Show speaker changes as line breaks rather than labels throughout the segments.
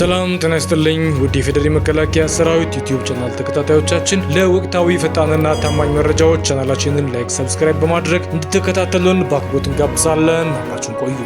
ሰላም ጤና ይስጥልኝ ውድ የፌዴራል ሰራዊት ዩቲዩብ ቻናል ተከታታዮቻችን፣ ለወቅታዊ ፈጣንና ታማኝ መረጃዎች ቻናላችንን ላይክ፣ ሰብስክራይብ በማድረግ እንድትከታተሉን በአክብሮት እንጋብዛለን። አብራችሁን ቆዩ።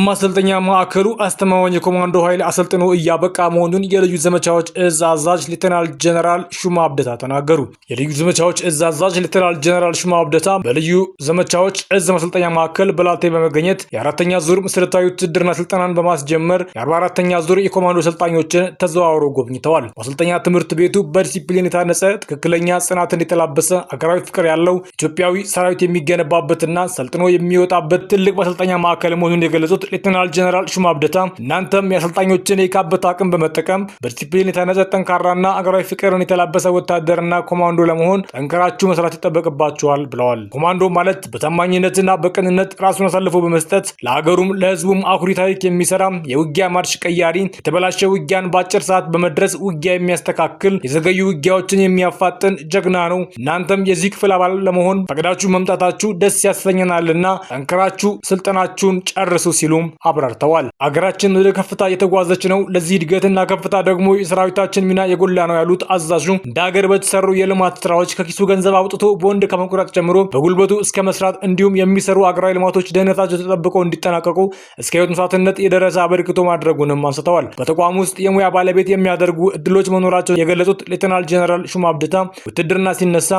ማሰልጠኛ ማዕከሉ አስተማማኝ የኮማንዶ ኃይል አሰልጥኖ እያበቃ መሆኑን የልዩ ዘመቻዎች እዝ አዛዥ ሌተናል ጀነራል ሹማ አብደታ ተናገሩ። የልዩ ዘመቻዎች እዝ አዛዥ ሌተናል ጀነራል ሹማ አብደታ በልዩ ዘመቻዎች እዝ ማሰልጠኛ ማዕከል በላቴ በመገኘት የአራተኛ ዙር መሰረታዊ ውትድርና ስልጠናን በማስጀመር የ44ተኛ ዙር የኮማንዶ ሰልጣኞችን ተዘዋውረው ጎብኝተዋል። ማሰልጠኛ ትምህርት ቤቱ በዲሲፕሊን የታነጸ ትክክለኛ ጽናትን የተላበሰ አገራዊ ፍቅር ያለው ኢትዮጵያዊ ሰራዊት የሚገነባበትና ሰልጥኖ የሚወጣበት ትልቅ ማሰልጠኛ ማዕከል መሆኑን የገለጹት የገለጹት ሌተናል ጀነራል ሹማ አብደታ እናንተም የአሰልጣኞችን የካበት አቅም በመጠቀም በዲሲፕሊን የተነጸ ጠንካራና አገራዊ ፍቅርን የተላበሰ ወታደርና ኮማንዶ ለመሆን ጠንከራችሁ መስራት ይጠበቅባችኋል ብለዋል። ኮማንዶ ማለት በታማኝነትና በቅንነት ራሱን አሳልፎ በመስጠት ለሀገሩም ለህዝቡም አኩሪ ታሪክ የሚሰራ የውጊያ ማርሽ ቀያሪ፣ የተበላሸ ውጊያን በአጭር ሰዓት በመድረስ ውጊያ የሚያስተካክል፣ የዘገዩ ውጊያዎችን የሚያፋጥን ጀግና ነው። እናንተም የዚህ ክፍል አባል ለመሆን ፈቅዳችሁ መምጣታችሁ ደስ ያሰኘናልና ጠንከራችሁ ስልጠናችሁን ጨርሱ ሲሉም አብራርተዋል። አገራችን ወደ ከፍታ እየተጓዘች ነው። ለዚህ እድገትና ከፍታ ደግሞ የሰራዊታችን ሚና የጎላ ነው ያሉት አዛዡ እንደ ሀገር በተሰሩ የልማት ስራዎች ከኪሱ ገንዘብ አውጥቶ ቦንድ ከመቁረጥ ጀምሮ በጉልበቱ እስከ መስራት እንዲሁም የሚሰሩ አገራዊ ልማቶች ደህንነታቸው ተጠብቀው እንዲጠናቀቁ እስከ ህይወት መስዋዕትነት የደረሰ አበርክቶ ማድረጉንም አንስተዋል። በተቋም ውስጥ የሙያ ባለቤት የሚያደርጉ እድሎች መኖራቸው የገለጹት ሌተናል ጀነራል ሹማብድታ ውትድርና ሲነሳ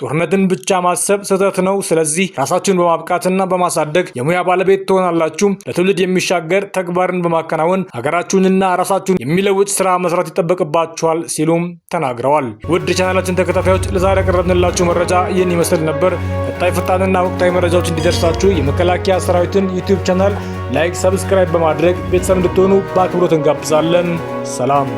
ጦርነትን ብቻ ማሰብ ስህተት ነው። ስለዚህ ራሳችሁን በማብቃትና በማሳደግ የሙያ ባለቤት ትሆናላችሁ ለትውልድ የሚሻገር ተግባርን በማከናወን ሀገራችሁንና ራሳችሁን የሚለውጥ ስራ መስራት ይጠበቅባችኋል ሲሉም ተናግረዋል። ውድ የቻናላችን ተከታታዮች ለዛሬ ያቀረብንላችሁ መረጃ ይህን ይመስል ነበር። ቀጣይ ፈጣንና ወቅታዊ መረጃዎች እንዲደርሳችሁ የመከላከያ ሰራዊትን ዩቲዩብ ቻናል ላይክ፣ ሰብስክራይብ በማድረግ ቤተሰብ እንድትሆኑ በአክብሮት እንጋብዛለን። ሰላም